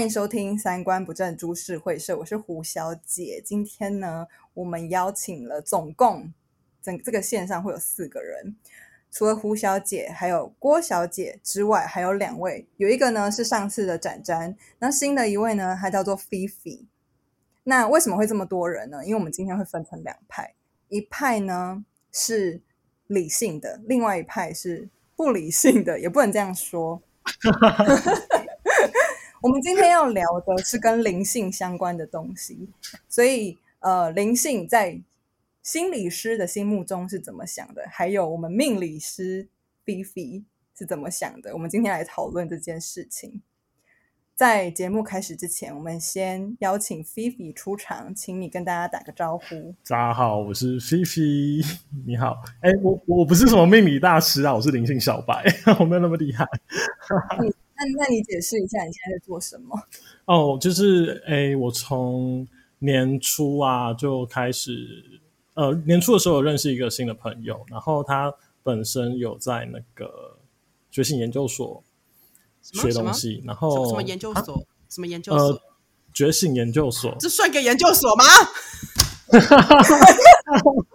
歡迎收聽《三觀不正諸事會社》，我是胡小姐。今天呢，我們邀請了總共整這個線上會有四個人，除了胡小姐，還有郭小姐之外，還有兩位，有一個呢是上次的展沾，那新的一位呢她叫做 Fifi。那為什麼會這麼多人呢？因為我們今天會分成兩派，一派呢是理性的，另外一派是不理性的，也不能這樣說。 我們今天要聊的是跟靈性相關的東西，所以呃，靈性在心理師的心目中是怎麼想的？還有我們命理師 Fifi 是怎麼想的？我們今天來討論這件事情。在節目開始之前，我們先邀請 Fifi 出場，請你跟大家打個招呼。大家好，我是 Fifi。你好。哎、欸，我我不是什麼命理大師啊，我是靈性小白， 我沒有那麼厲害。 那那你解釋一下你現在在做什麼？哦、oh,，就是誒、欸，我從年初啊就開始，呃，年初的時候有認識一個新的朋友，然後他本身有在那個覺醒研究所學東西，什麼什麼然後什麼,什麼研究所、啊？什麼研究所？呃、覺醒研究所、啊，這算個研究所嗎？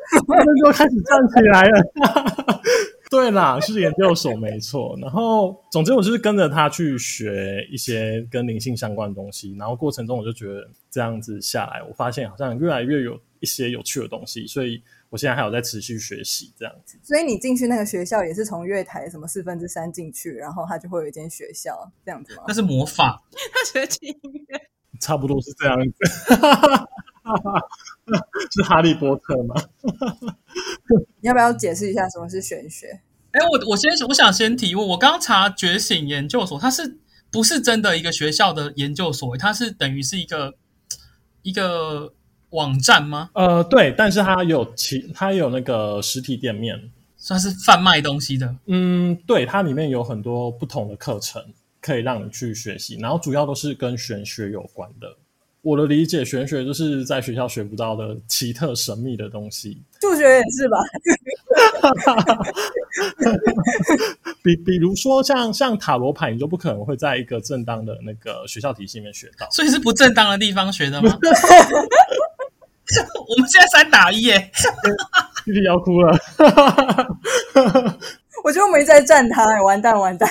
開始站起來了。 對啦，是研究所沒錯。然後，總之我就是跟着他去學一些跟靈性相關的東西。然後過程中我就覺得這樣子下來，我發現好像越來越有一些有趣的東西。所以我現在還有在持續學習這樣子。 所以你進去那個學校也是從月台什麼四分之三進去，然後他就會有一間學校這樣子嗎？那是魔法。他學的音樂，差不多是這樣子。 哈哈，是哈利波特嗎？哈哈哈，你要不要解釋一下什麼是玄學？哎、欸，我我先我想先提問，我剛剛查覺醒研究所，它是不是真的一個學校的研究所？它是等於是一個一個網站嗎？呃，對，但是它有其它有那個實體店面、嗯，算是販賣東西的。嗯，對，它裡面有很多不同的課程可以讓你去學習，然後主要都是跟玄學有關的。我的理解，玄學就是在學校學不到的奇特神秘的東西，數學也是吧。比 比如說像像塔羅牌，你就不可能會在一個正當的那個學校體系裡面學到，所以是不正當的地方學的嗎？ 我們現在三打一耶，弟 弟要哭了。 我就沒再站他。欸，完蛋完蛋！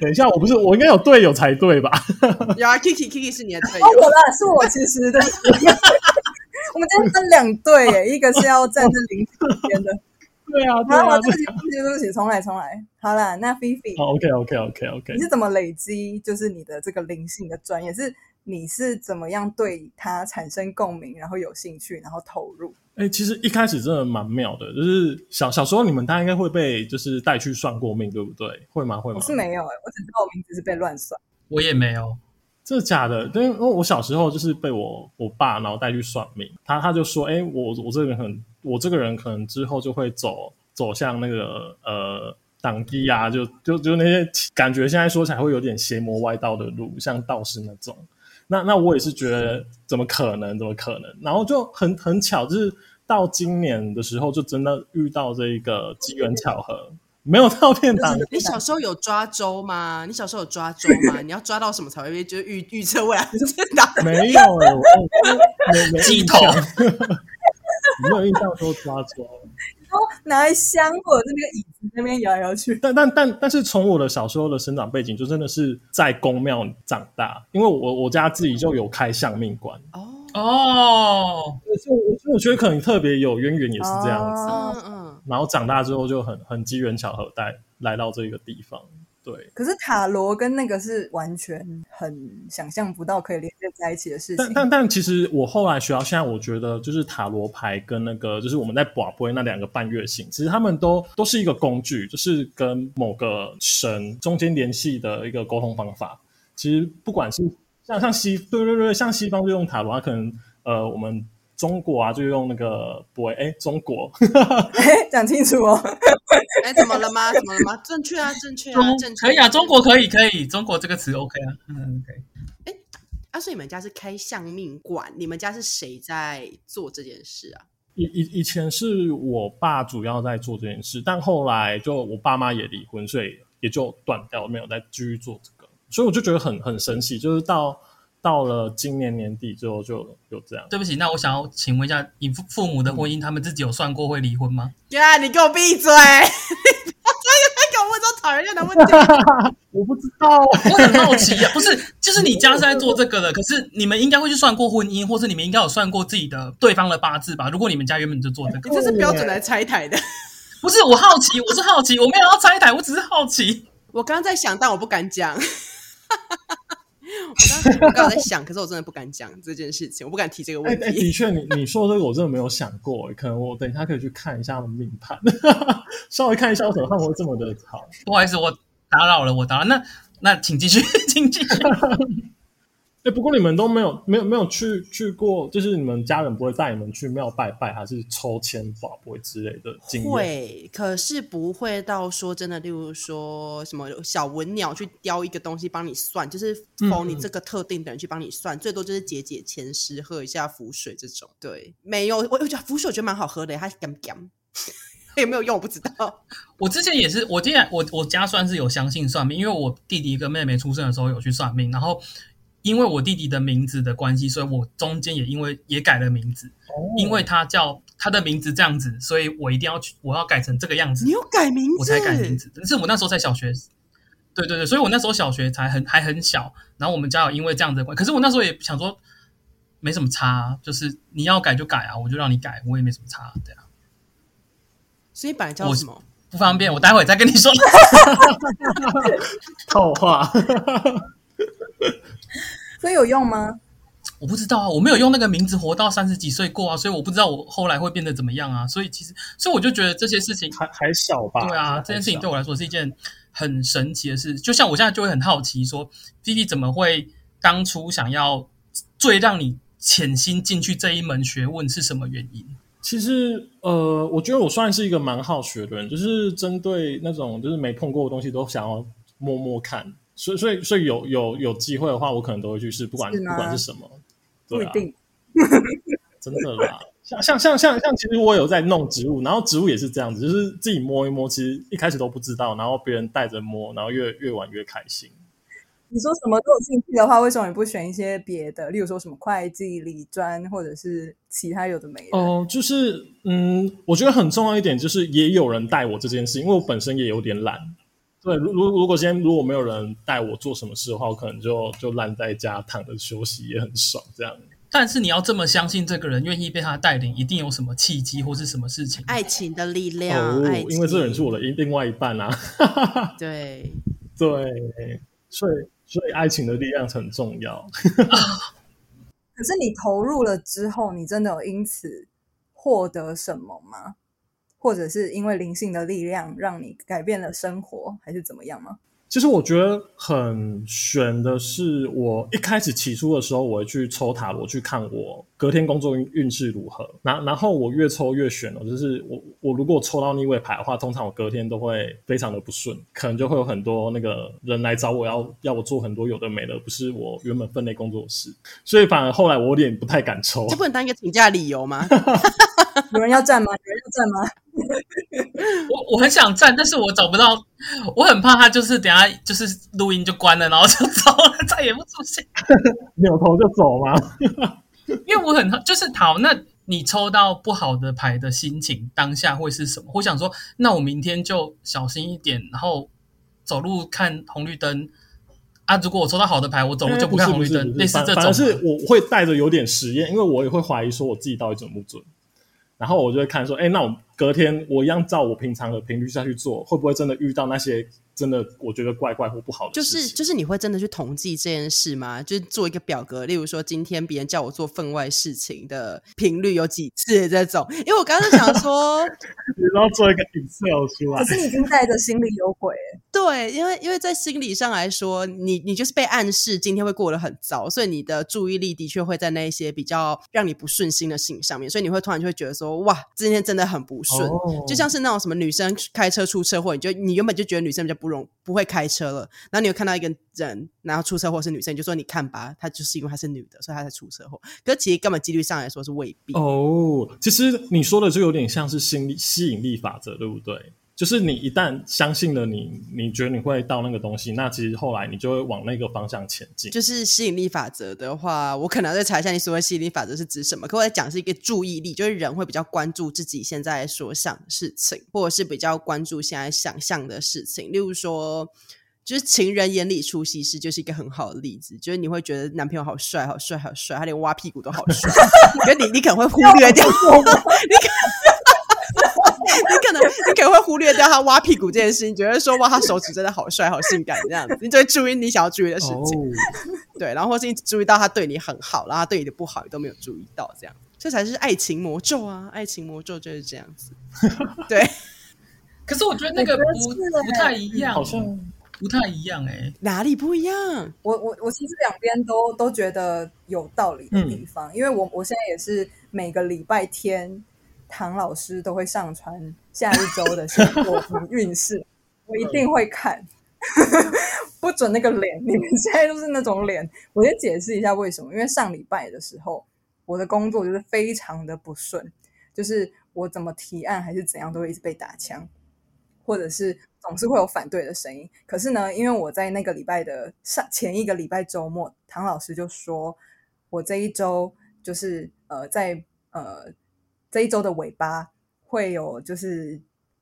等一下，我不是，我應該有隊友才對吧？ 有啊 k i k i Kiki 是你的隊友，哦，我啦，是我其實的。對 我們今天分兩隊，一個是要站在靈性邊的 對啊對啊對啊對。對啊，好，對不起，對不起，重來，重來。好了，那 Fifi，好，OK，OK，OK，OK。你是怎麼累積，就是你的這個靈性的專業是？你是怎麼樣對它產生共鳴，然後有興趣，然後投入？哎，其實一開始真的蠻妙的，就是小小時候你們大家應該會被就是帶去算過命，對不對？會嗎？會嗎？不是沒有誒、欸、我只知道我名字是被亂算。我也沒有，這假的？對，因為因為我小時候就是被我我爸然後帶去算命，他他就說，哎，我我這個人很，我這個人可能之後就會走走向那個呃，當乩啊，就就就那些感覺現在說起來會有點邪魔歪道的路，像道士那種。那那我也是覺得怎麼可能怎麼可能？然後就很很巧，就是到今年的時候，就真的遇到這一個機緣巧合，嗯、沒有套騙他。你小時候有抓周嗎？你小時候有抓周嗎？ 你要抓到什麼才會就得、是、預預測未來是真的？沒有，雞頭。 沒沒 沒有印象說抓抓，然後拿一香或者那個椅子那邊搖來搖去？但但但但是從我的小時候的生長背景，就真的是在宮廟長大，因為我我家自己就有開相命館哦哦，所以我覺得可能特別有淵源也是這樣子，嗯、哦，然後長大之後就很很機緣巧合帶來到這個地方。對，可是塔羅跟那個是完全很想象不到可以連接在一起的事情。但但但其實我後來學到，現在我覺得就是塔羅牌跟那個就是我們在寡龜那兩個半月星，其實他們都都是一個工具，就是跟某個神中間聯繫的一個溝通方法。其實不管是像像西對對對，像西方就用塔羅，它可能呃我們。中國啊，就用那個 boy？哎、欸，中國，講、 欸、清楚哦！哎、 欸，怎麼了嗎？怎麼了嗎？正確啊，正確啊，正確、啊。可以啊，中國可以，可以，中國這個詞 OK 啊、嗯、，OK。哎、欸，阿、啊、所以你們家是開相命館？你們家是誰在做這件事啊？以以以前是我爸主要在做這件事，但後來就我爸媽也離婚，所以也就斷掉，沒有再繼續做這個。所以我就覺得很很神奇，就是到。到了今年年底，最後就有這樣。對不起，那我想要請問一下，你父父母的婚姻，嗯，他們自己有算過會離婚嗎？呀，你給我閉嘴！ 我最近在搞文章，討人厭的問題我不知道， 我很好奇啊。不是，就是你家是在做這個的，可是你們應該會去算過婚姻，或是你們應該有算過自己的對方的八字吧？如果你們家原本就做這個， 你這是標準來拆台的。 不是，我好奇，我是好奇，我沒有要拆台，我只是好奇。 我剛剛在想，但我不敢講。 我剛剛在想，可是我真的不敢講這件事情，我不敢提這個問題。哎哎、的確，你你說這個我真的沒有想過，可能我等一下可以去看一下命盤， 稍微看一下我怎麼會這麼的好。不好意思，我打擾了，我打擾。那那請繼續， 請繼續。 哎、欸，不過你們都沒有、沒有、沒有去去過，就是你們家人不會帶你們去廟拜拜，還是抽籤、卜卦之類的經驗？會，可是不會到說真的，例如說什麼小文鳥去叼一個東西幫你算，就是 for 你這個特定的人去幫你算，嗯、最多就是解解籤詩喝一下符水這種。對，沒有，我我覺得符水我覺得蠻好喝的，它乾不干？有、 欸、沒有用？我不知道。 我之前也是，我之前我我家算是有相信算命，因為我弟弟跟妹妹出生的時候有去算命，然後。因為我弟弟的名字的關係，所以我中間也因為也改了名字，Oh. 因為他叫他的名字這樣子，所以我一定要去，我要改成這個樣子。你有改名字，我才改名字。但是我那時候在小學，對對對，所以我那時候小學才很還很小，然後我們家有因為這樣子的關係，可是我那時候也想說，沒什麼差、啊，就是你要改就改啊，我就讓你改，我也沒什麼差、啊，對啊。所以本來叫什麼我不方便，我待會再跟你說。 套 透話。 所以有用嗎？我不知道啊，我沒有用那個名字活到三十幾歲過啊，所以我不知道我後來會變得怎麼樣啊。所以其實，所以我就覺得這些事情還還小吧。對啊，這件事情對我來說是一件很神奇的事。就像我現在就會很好奇說，說弟弟怎麼會當初想要最讓你潛心進去這一門學問是什麼原因？其實，呃，我覺得我算是一個蠻好學的人，就是針對那種就是沒碰過的東西，都想要摸摸看。所以，所以，所以有有有機會的話，我可能都會去試，不管不管是什麼，不、啊、一定， 真的啦。像像像像像，像像其實我有在弄植物，然後植物也是這樣子，就是自己摸一摸，其實一開始都不知道，然後別人帶着摸，然後越越玩越開心。你說什麼都有興趣的話，為什麼你不選一些別的，例如說什麼會計、理專，或者是其他有的沒有哦、呃，就是嗯，我覺得很重要一點就是也有人帶我這件事，因為我本身也有點懶。對，如如如果今天如果沒有人帶我做什麼事的話，我可能就就爛在家躺着休息也很爽這樣。但是你要這麼相信這個人願意被他帶領，一定有什麼契機或是什麼事情？愛情的力量，oh, 愛情，因為這人是我的另外一半啊！ 對對，對，所以所以愛情的力量很重要。 可是你投入了之後，你真的有因此獲得什麼嗎？或者是因為靈性的力量讓你改變了生活，還是怎麼樣嗎？其實我覺得很玄的是，我一開始起初的時候，我會去抽塔羅去看我隔天工作運運勢如何。然後我越抽越玄了，就是我我如果抽到逆位牌的話，通常我隔天都會非常的不順，可能就會有很多那個人來找我要要我做很多有的沒的，不是我原本分內工作的事，所以反而後來我有點不太敢抽。這不能當一個請假理由嗎？ 有人要站嗎？有人要站嗎？ 我我很想戰，但是我找不到，我很怕他就是等下就是錄音就關了，然後就走了，再也不出現， 扭頭就走嗎？ 因為我很就是討，那你抽到不好的牌的心情當下會是什麼？我想說，那我明天就小心一點，然後走路看紅綠燈啊。如果我抽到好的牌，我走路就不看紅綠燈。欸，類似這種，是我會帶着有點實驗，因為我也會懷疑說我自己到底準不準。然後我就會看說，哎，那我隔天我一樣照我平常的頻率下去做，會不會真的遇到那些？真的，我覺得怪怪或不好的事情就是就是你會真的去統計這件事嗎？就是做一個表格，例如說今天別人叫我做分外事情的頻率有幾次這種。因為我剛剛想說，你要做一個比測出來，可是你已經帶着心裡有鬼。對，因為因為在心理上來說，你你就是被暗示今天會過得很糟，所以你的注意力的確會在那一些比較讓你不順心的事情上面，所以你會突然就會覺得說哇，今天真的很不順，哦，就像是那種什麼女生開車出車禍，或者你就你原本就覺得女生比較。不容不會開車了，然後你有看到一個人，然後出車禍是女生，你就說你看吧，她就是因為她是女的，所以她才出車禍。可其實根本幾率上來說是未必。哦，其實你說的就有點像是心理吸引力法則，對不對？就是你一旦相信了你，你覺得你會到那個東西，那其實後來你就會往那個方向前進。就是吸引力法則的話，我可能在查一下，你所謂吸引力法則是指什麼？可我在講是一個注意力，就是人會比較關注自己現在所想的事情，或者是比較關注現在想象的事情。例如說，就是情人眼裡出西施，就是一個很好的例子。就是你會覺得男朋友好帥，好帥，好帥，他連挖屁股都好帥。可 你你可能會忽略掉我， 你看。 你可能你可能會忽略掉他挖屁股這件事情，覺得說，哇，他手指真的好帥、好性感這樣子，你就會注意你想要注意的事情，oh. 對，然後或是你注意到他對你很好，然後他對你的不好你都沒有注意到，這樣，這才是愛情魔咒啊！愛情魔咒就是這樣子， 對。可是我覺得那個不、欸就是、不太一樣，嗯、好像不太一樣哎、欸，哪裡不一樣？我我我其實兩邊都都覺得有道理的地方，嗯、因為我我現在也是每個禮拜天，唐老師都會上傳下一周的幸福運勢， 我一定會看。 不准那個臉，你們現在都是那種臉。我先解釋一下為什麼，因為上禮拜的時候，我的工作就是非常的不順，就是我怎麼提案還是怎樣，都會一直被打槍，或者是總是會有反對的聲音。可是呢，因為我在那個禮拜的上前一個禮拜周末，唐老師就說，我這一周就是呃在呃。在呃這一周的尾巴會有，就是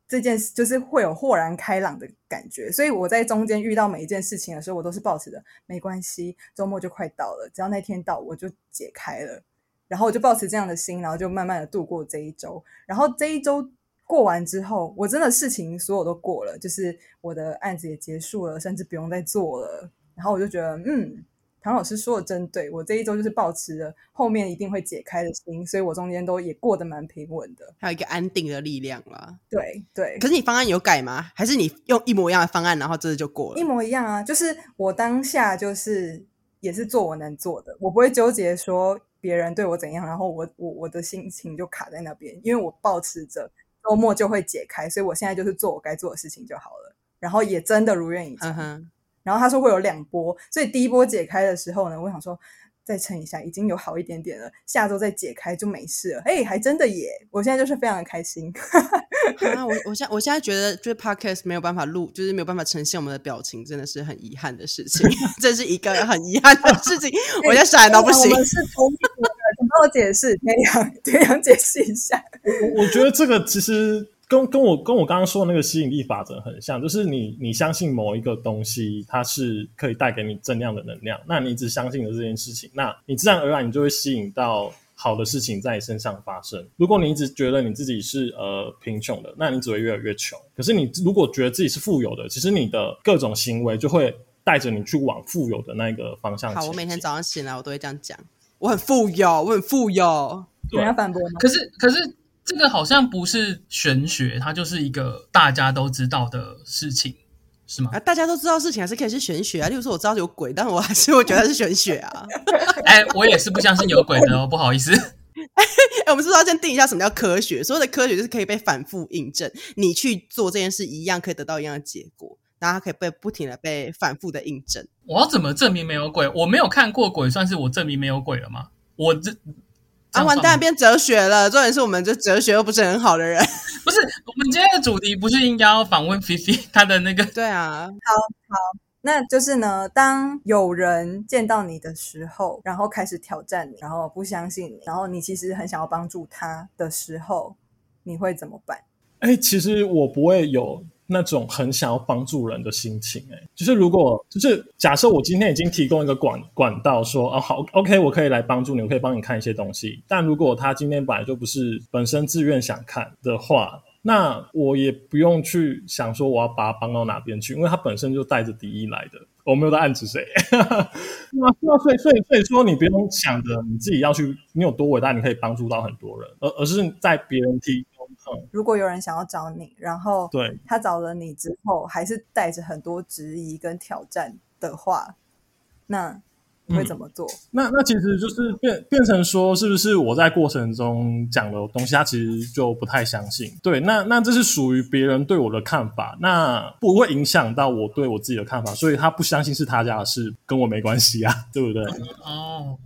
這件事，就是會有豁然開朗的感覺。所以我在中間遇到每一件事情的時候，我都是抱持著沒關係，周末就快到了，只要那天到我就解開了，然後我就抱持這樣的心，然後就慢慢的度過這一周。然後這一周過完之後，我真的事情所有都過了，就是我的案子也結束了，甚至不用再做了。然後我就覺得，嗯。唐老師說的真對，我這一周就是保持着後面一定會解開的心，所以我中間都也過得蠻平穩的，還有一個安定的力量啦。對對，可是你方案有改嗎？還是你用一模一樣的方案，然後這次就過了？一模一樣啊，就是我當下就是也是做我能做的，我不會糾結說別人對我怎樣，然後我我我的心情就卡在那邊，因為我抱持著周末就會解開，所以我現在就是做我該做的事情就好了，然後也真的如願以償。嗯然後他說會有兩波，所以第一波解開的時候呢，我想說再撐一下，已經有好一點點了，下周再解開就沒事了。哎，還真的耶！我現在就是非常的開心。 哈我我現在我現在覺得就是 podcast 沒有辦法錄，就是沒有辦法呈現我們的表情，真的是很遺憾的事情。 這是一個很遺憾的事情， 我現在閃都不行。你幫我解釋，田陽，田陽解釋一下。我我覺得這個其實。跟跟我跟我剛剛說的那個吸引力法則很像，就是你你相信某一個東西，它是可以帶給你正量的能量，那你一直相信的這件事情，那你自然而然你就會吸引到好的事情在你身上發生。如果你一直覺得你自己是呃貧窮的，那你只會越來越窮。可是你如果覺得自己是富有的，其實你的各種行為就會帶着你去往富有的那個方向。好，我每天早上醒來，我都會這樣講：我很富有，我很富有。你要反駁嗎？可是，可是。這個好像不是玄學，它就是一個大家都知道的事情，是嗎？啊，大家都知道事情還是可以是玄學啊。例如說，我知道有鬼，但我還是我覺得它是玄學啊。哎、 欸，我也是不相信有鬼的哦， 不好意思。哎、欸，我們是不是要先定一下什麼叫科學？所謂的科學就是可以被反覆印證，你去做這件事一樣可以得到一樣的結果，然後它可以被不停的被反覆的印證。我要怎麼證明沒有鬼？我沒有看過鬼，算是我證明沒有鬼了嗎？我這。啊，完蛋，變哲學了。重點是，我們這哲學又不是很好的人。不是，我們今天的主題不是應該要訪問 Fifi 他的那個？對啊，好好，那就是呢。當有人見到你的時候，然後開始挑戰你，然後不相信你，然後你其實很想要幫助他的時候，你會怎麼辦？哎、欸，其實我不會有。那種很想要幫助人的心情、欸，哎，就是如果就是假設我今天已經提供一個管管道說，哦、啊、好，OK，我可以來幫助你，我可以幫你看一些東西。但如果他今天本來就不是本身自願想看的話，那我也不用去想說我要把他幫到哪邊去，因為他本身就帶着敵意來的，我、哦、沒有在暗指誰，哈哈。對，所以所以所以說你不用想着你自己要去你有多偉大，你可以幫助到很多人，而而是在別人提。嗯、如果有人想要找你，然後對他找了你之後，還是帶着很多質疑跟挑戰的話，那你會怎麼做？嗯、那那其實就是變變成說，是不是我在過程中講的東西，他其實就不太相信？對，那那這是屬於別人對我的看法，那不會影響到我對我自己的看法。所以他不相信是他家的事，跟我沒關係啊，對不對？哦，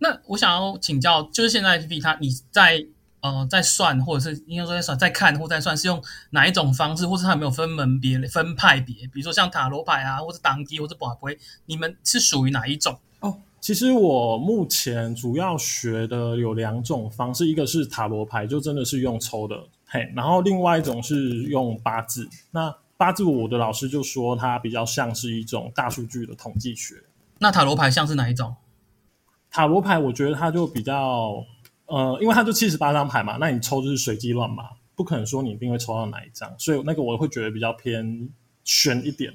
那我想要請教，就是現在 Fifi 你在。呃，在算，或者是應該說在算，在看，或在算是用哪一種方式，或是它有沒有分門別類、分派別？比如說像塔羅牌啊，或者檔機，或者卜龜，你們是屬於哪一種？哦，其實我目前主要學的有兩種方式，一個是塔羅牌，就真的是用抽的嘿，然後另外一種是用八字。那八字，我的老師就說它比較像是一種大數據的統計學。那塔羅牌像是哪一種？塔羅牌，我覺得它就比較。呃，因為它就七十八張牌嘛，那你抽就是隨機亂嘛，不可能說你一定會抽到哪一張，所以那個我會覺得比較偏玄一點、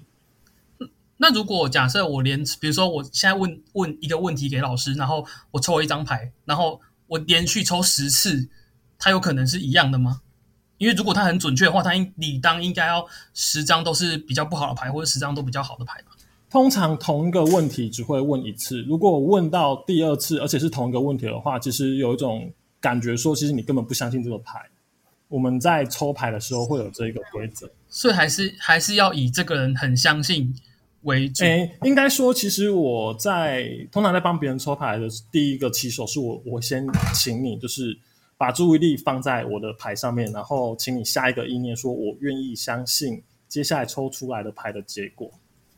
嗯。那如果假設我連，比如說我現在問問一個問題給老師，然後我抽了一張牌，然後我連續抽十次，它有可能是一樣的嗎？因為如果它很準確的話，它理當應該要十張都是比較不好的牌，或者十張都比較好的牌通常同一個問題只會問一次，如果問到第二次，而且是同一個問題的話，其實有一種感覺說，其實你根本不相信這個牌。我們在抽牌的時候會有這一個規則，所以還是還是要以這個人很相信為主。誒、欸，應該說，其實我在通常在幫別人抽牌的，第一個起手是我，我先請你就是把注意力放在我的牌上面，然後請你下一個意念，說我願意相信接下來抽出來的牌的結果。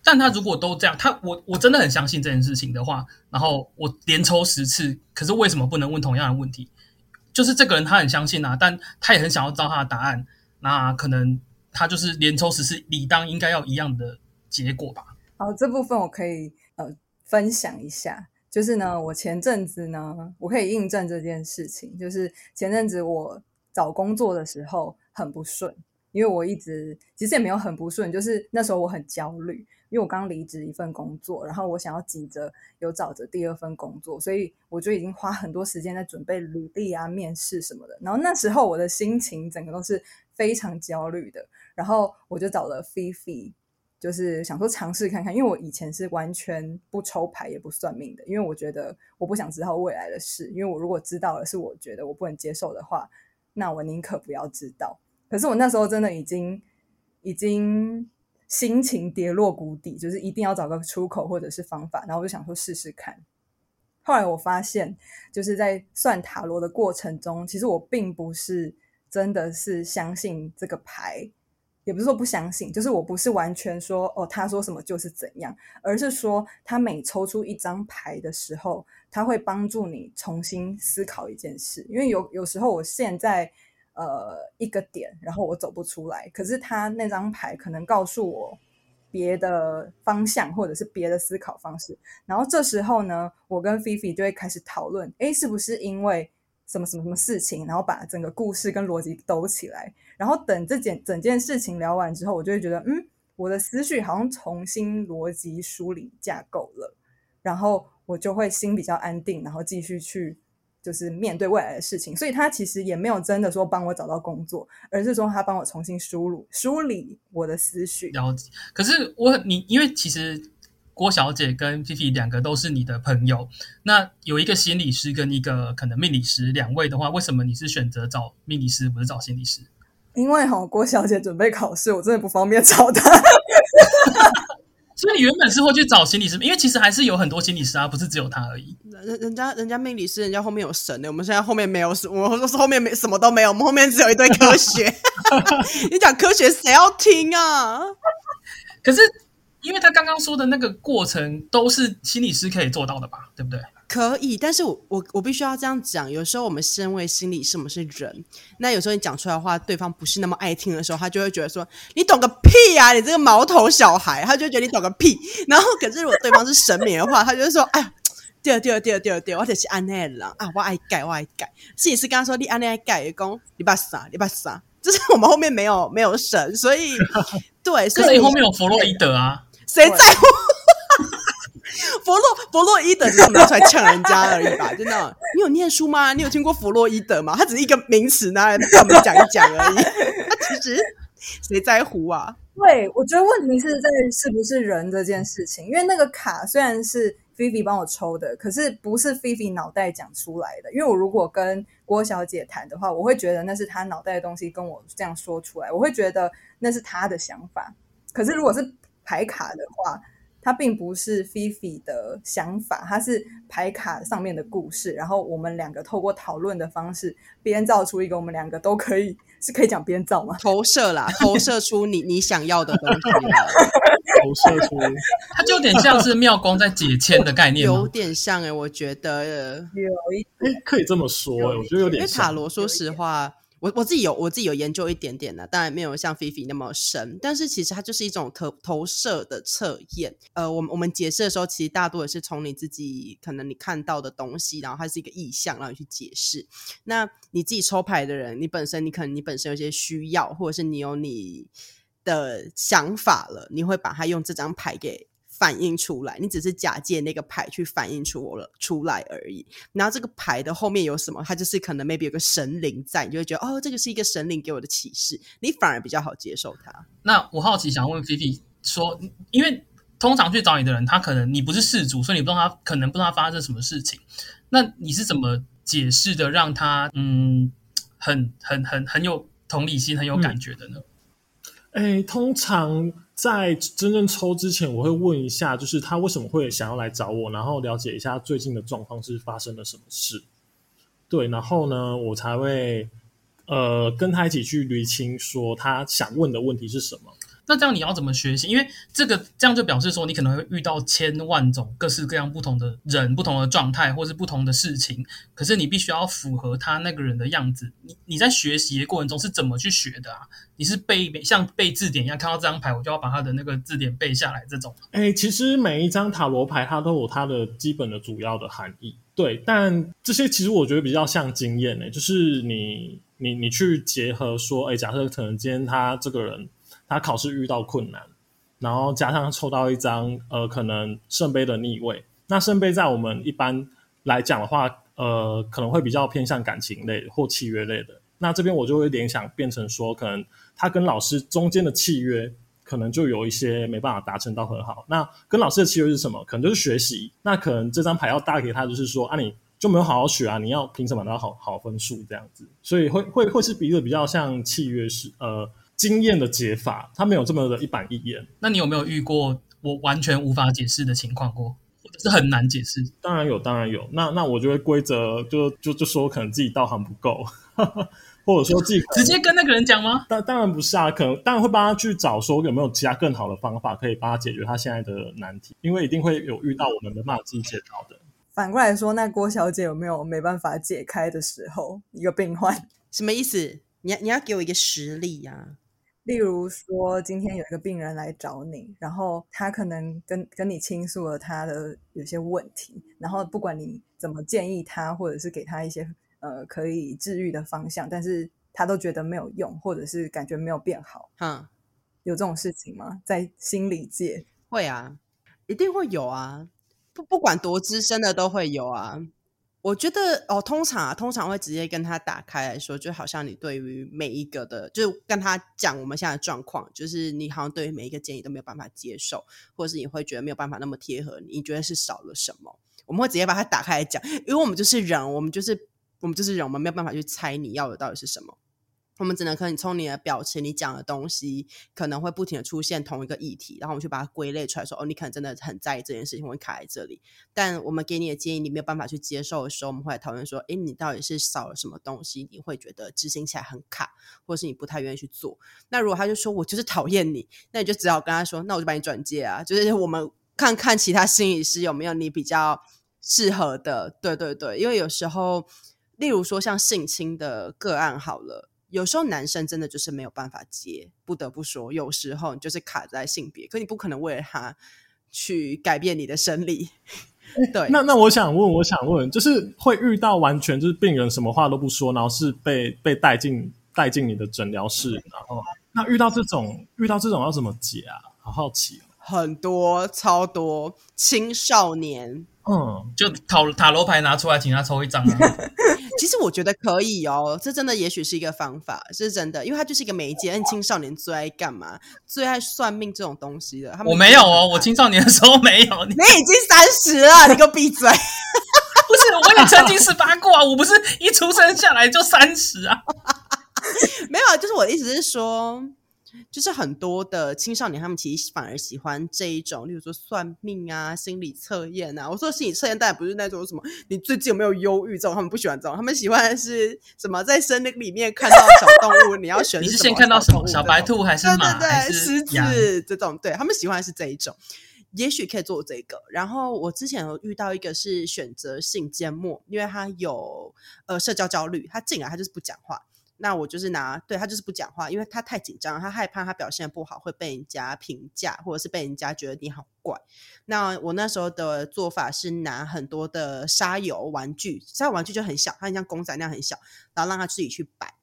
但他如果都這樣，他我我真的很相信這件事情的話，然後我連抽十次，可是為什麼不能問同樣的問題？就是這個人他很相信啊，但他也很想要知道他的答案。那可能他就是連抽十次，理當應該要一樣的結果吧。好，這部分我可以呃分享一下，就是呢，我前陣子呢，我可以印證這件事情，就是前陣子我找工作的時候很不順，因為我一直其實也沒有很不順，就是那時候我很焦慮。因為我剛離職一份工作，然後我想要急着又找着第二份工作，所以我就已經花很多時間在準備、履歷啊、面試什麼的。然後那時候我的心情整個都是非常焦慮的。然後我就找了菲菲，就是想說嘗試看看。因為我以前是完全不抽牌也不算命的，因為我覺得我不想知道未來的事。因為我如果知道了是我覺得我不能接受的話，那我寧可不要知道。可是我那時候真的已經已經。心情跌落谷底，就是一定要找個出口或者是方法。然後我就想說試試看。後來我發現，就是在算塔羅的過程中，其實我並不是真的是相信這個牌，也不是說不相信，就是我不是完全說哦他說什麼就是怎樣，而是說他每抽出一張牌的時候，他會幫助你重新思考一件事。因為有有時候我現在。呃，一個點，然後我走不出來。可是他那張牌可能告訴我別的方向，或者是別的思考方式。然後這時候呢，我跟 Fifi 就會開始討論，誒，是不是因為什麼什麼什麼事情，然後把整個故事跟邏輯兜起來。然後等這件整件事情聊完之後，我就會覺得，嗯，我的思緒好像重新邏輯梳理架構了，然後我就會心比較安定，然後繼續去，就是面對未來的事情，所以他其實也沒有真的說幫我找到工作，而是說他幫我重新輸入梳理我的思緒。然後，可是我你因為其實郭小姐跟 Fifi 兩個都是你的朋友，那有一個心理師跟一個可能命理師，兩位的話，為什麼你是選擇找命理師不是找心理師？因為好郭小姐準備考試，我真的不方便找她。 所以原本是會去找心理師，因為其實還是有很多心理師啊，不是只有他而已。人人家人家命理師，人家後面有神的。欸，我們現在後面沒有，我們是後面沒什麼都沒有，我們後面只有一堆科學。 你講科學，誰要聽啊？ 可是，因為他剛剛說的那個過程，都是心理師可以做到的吧？對不對？可以，但是我我我必須要這樣講。有時候我們身為心理什麼是，是人，那有時候你講出來的話，對方不是那麼愛聽的時候，他就會覺得說你懂個屁呀、啊，你這個毛頭小孩。他就會覺得你懂個屁。然後，可是如果對方是神明的話， 他就是說，哎呀，對啊對啊對啊對啊對啊，我得去安內了啊，我愛改，我愛改。心理師跟他說，你安內愛改，一功你把啥，你把啥，就是我們後面沒有沒有神，所以對 所以，可是你後面有弗洛伊德啊，誰在乎？ 弗洛弗洛伊德只是拿出來嗆人家而已吧，真 的。你有念書嗎？你有聽過弗洛伊德嗎？他只是一個名詞拿來讓我們講一講而已。那其實誰在乎啊？對，我覺得問題是在於是不是人這件事情。因為那個卡雖然是 Fifi 幫我抽的，可是不是 Fifi 腦袋講出來的。因為我如果跟郭小姐談的話，我會覺得那是她腦袋的東西跟我這樣說出來，我會覺得那是她的想法。可是如果是牌卡的話，它並不是 Fifi 的想法，它是牌卡上面的故事，然後我們兩個透過討論的方式編造出一個我們兩個都可以，是可以講編造嗎？投射啦，投射出你 你想要的東西了， 投射出，它就有點像是妙光在解籤的概念，有點像誒、欸、我覺得，有一，可以這麼說哎、欸，我覺得有點像，因為塔羅說實話。我我自己有我自己有研究一點點的，當然沒有像 Fifi 那麼深，但是其實它就是一種投投射的測驗。呃，我們我們解釋的時候，其實大多也是從你自己可能你看到的東西，然後它是一個意象，讓你去解釋。那你自己抽牌的人，你本身你可能你本身有些需要，或者是你有你的想法了，你會把它用這張牌給。反映出來，你只是假借那個牌，去反映出我了出來而已。然後這個牌的後面有什麼？它就是可能 maybe 有個神靈在，你就會覺得哦，這個是一個神靈給我的啟示。你反而比較好接受它。那我好奇想問 Fifi 說，因為通常去找你的人，他可能你不是事主，所以你不知道他可能不知道他發生什麼事情。那你是怎麼解釋的，讓他嗯，很很很很有同理心，很有感覺的呢？哎，嗯，欸，通常。在真正抽之前，我會問一下，就是他為什麼會想要來找我，然後了解一下最近的狀況是發生了什麼事。對，然後呢，我才會，呃，跟他一起去釐清，說他想問的問題是什麼。那這樣你要怎麼學習？因為這個這樣就表示說，你可能會遇到千萬種各式各樣不同的人、不同的狀態，或是不同的事情。可是你必須要符合他那個人的樣子。你你在學習的過程中是怎麼去學的啊？你是背像背字典一樣，看到這張牌我就要把他的那個字典背下來這種？欸，其實每一張塔羅牌它都有它的基本的主要的含義。對，但這些其實我覺得比較像經驗欸，就是你你你去結合說，欸，假設可能今天他這個人。他考試遇到困難，然後加上抽到一張呃，可能聖杯的逆位。那聖杯在我們一般來講的話，呃，可能會比較偏向感情類或契約類的。那這邊我就會聯想變成說，可能他跟老師中間的契約，可能就有一些沒辦法達成到很好。那跟老師的契約是什麼？可能就是學習。那可能這張牌要帶給他，就是說啊，你就沒有好好學啊，你要憑什麼拿好好分數這樣子？所以會會會是比，比較像契約式呃。經驗的解法，他沒有這麼的一板一眼。那你有沒有遇過我完全無法解釋的情況過，或是很難解釋？當然有，當然有。那那我就會規則就就就說可能自己道行不夠， 或者說自己直接跟那個人講嗎？當當然不是啊，可能當然會幫他去找說有沒有其他更好的方法可以幫他解決他現在的難題，因為一定會有遇到我們的沒有辦法解到的。反過來說，那郭小姐有沒有沒辦法解開的時候？一個病患？什麼意思？你你要給我一個實例呀、啊？例如說，今天有一個病人來找你，然後他可能跟跟你傾訴了他的有些問題，然後不管你怎麼建議他，或者是給他一些呃可以治癒的方向，但是他都覺得沒有用，或者是感覺沒有變好。哈、嗯，有這種事情嗎？在心理界。會啊，一定會有啊，不不管多資深的都會有啊。我覺得哦，通常啊，通常會直接跟他打開來說，就好像你對於每一個的，就跟他講我們現在的狀況，就是你好像對於每一個建議都沒有辦法接受，或者是你會覺得沒有辦法那麼貼合你，你覺得是少了什麼？我們會直接把它打開來講，因為我們就是人，我們就是我們就是人，我們沒有辦法去猜你要的到底是什麼。我們只能看你從你的表情、你講的東西，可能會不停的出現同一個議題，然後我們去把它歸類出來說，說哦，你可能真的很在意這件事情，會卡在這裡。但我們給你的建議，你沒有辦法去接受的時候，我們會來討論說，誒，你到底是少了什麼東西？你會覺得執行起來很卡，或者是你不太願意去做？那如果他就說我就是討厭你，那你就只好跟他說，那我就把你轉介啊，就是我們看看其他心理師有沒有你比較適合的。對對對，因為有時候，例如說像性侵的個案，好了。有時候男生真的就是沒有辦法接，不得不說，有時候你就是卡在性別，可你不可能為了他去改變你的生理。欸， 對。那那我想問，我想問，就是會遇到完全就是病人什麼話都不說，然後是被被帶進帶進你的診療室，然後那遇到這種遇到這種要怎麼解啊？好好奇哦，很多超多青少年。嗯、哦，就塔塔羅牌拿出來，請他抽一張啊。 其實我覺得可以哦，這真的也許是一個方法，是真的，因為他就是一個媒介。嗯、青少年最愛幹嘛？最愛算命這種東西的。我沒有哦，我青少年的時候沒有。你已經三十了，你， 你給我閉嘴！ 不是，我也曾經十八過啊，我不是一出生下來就三十啊。 沒有，就是我的意思是說。就是很多的青少年，他們其實反而喜歡這一種，例如說算命啊、心理測驗啊。我說心理測驗，但也不是那種什麼你最近有沒有憂鬱這種，他們不喜歡這種，他們喜歡的是什麼，在森林裡面看到小動物， 你要選是你是先看到什麼小，小白兔還是什麼對對對獅子這種，對他們喜歡是這一種。也許可以做這個。然後我之前有遇到一個是選擇性緘默，因為他有呃社交焦慮，他進來他就是不講話。那我就是拿，對，他就是不講話，因為他太緊張，他害怕他表現不好會被人家評價，或者是被人家覺得你好怪。那我那時候的做法是拿很多的沙遊玩具，沙遊玩具就很小，它很像公仔那樣很小，然後讓他自己去擺。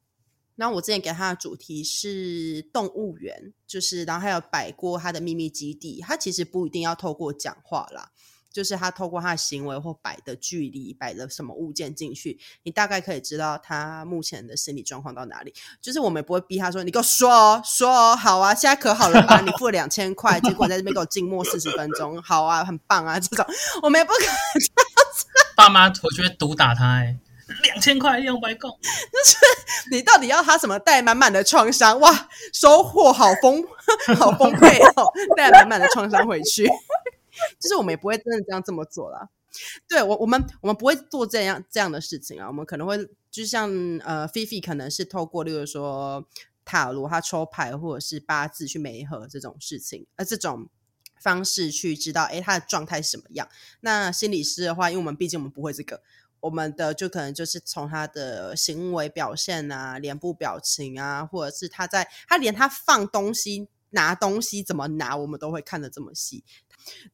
那我之前給他的主題是動物園，就是然後還有擺過他的秘密基地。他其實不一定要透過講話啦。就是他透過他的行為或擺的距離，擺了什麼物件進去，你大概可以知道他目前的心理狀況到哪裡。就是我們也不會逼他說，你給我說、哦、說、哦，好啊，現在可好了吧？ 你付了兩千塊，結果你在這邊給我靜默四十分鐘， 好啊，很棒啊， 這種我們也不可。爸媽，我就會毒打他哎、欸，兩千塊用白工，就是你到底要他什麼帶滿滿的創傷哇？收穫好豐好豐富哦 帶滿滿的創傷回去。就是我們也不會真的這樣這麼做了。對我，我們我們不會做這樣這樣的事情啊。我們可能會就像呃，Fifi 可能是透過，例如說塔羅，他抽牌或者是八字去媒合這種事情，而、呃、這種方式去知道，哎，他的狀態是什麼樣。那心理師的話，因為我們畢竟我們不會這個，我們的就可能就是從他的行為表現啊、臉部表情啊，或者是他在他連他放東西、拿東西怎麼拿，我們都會看得這麼細。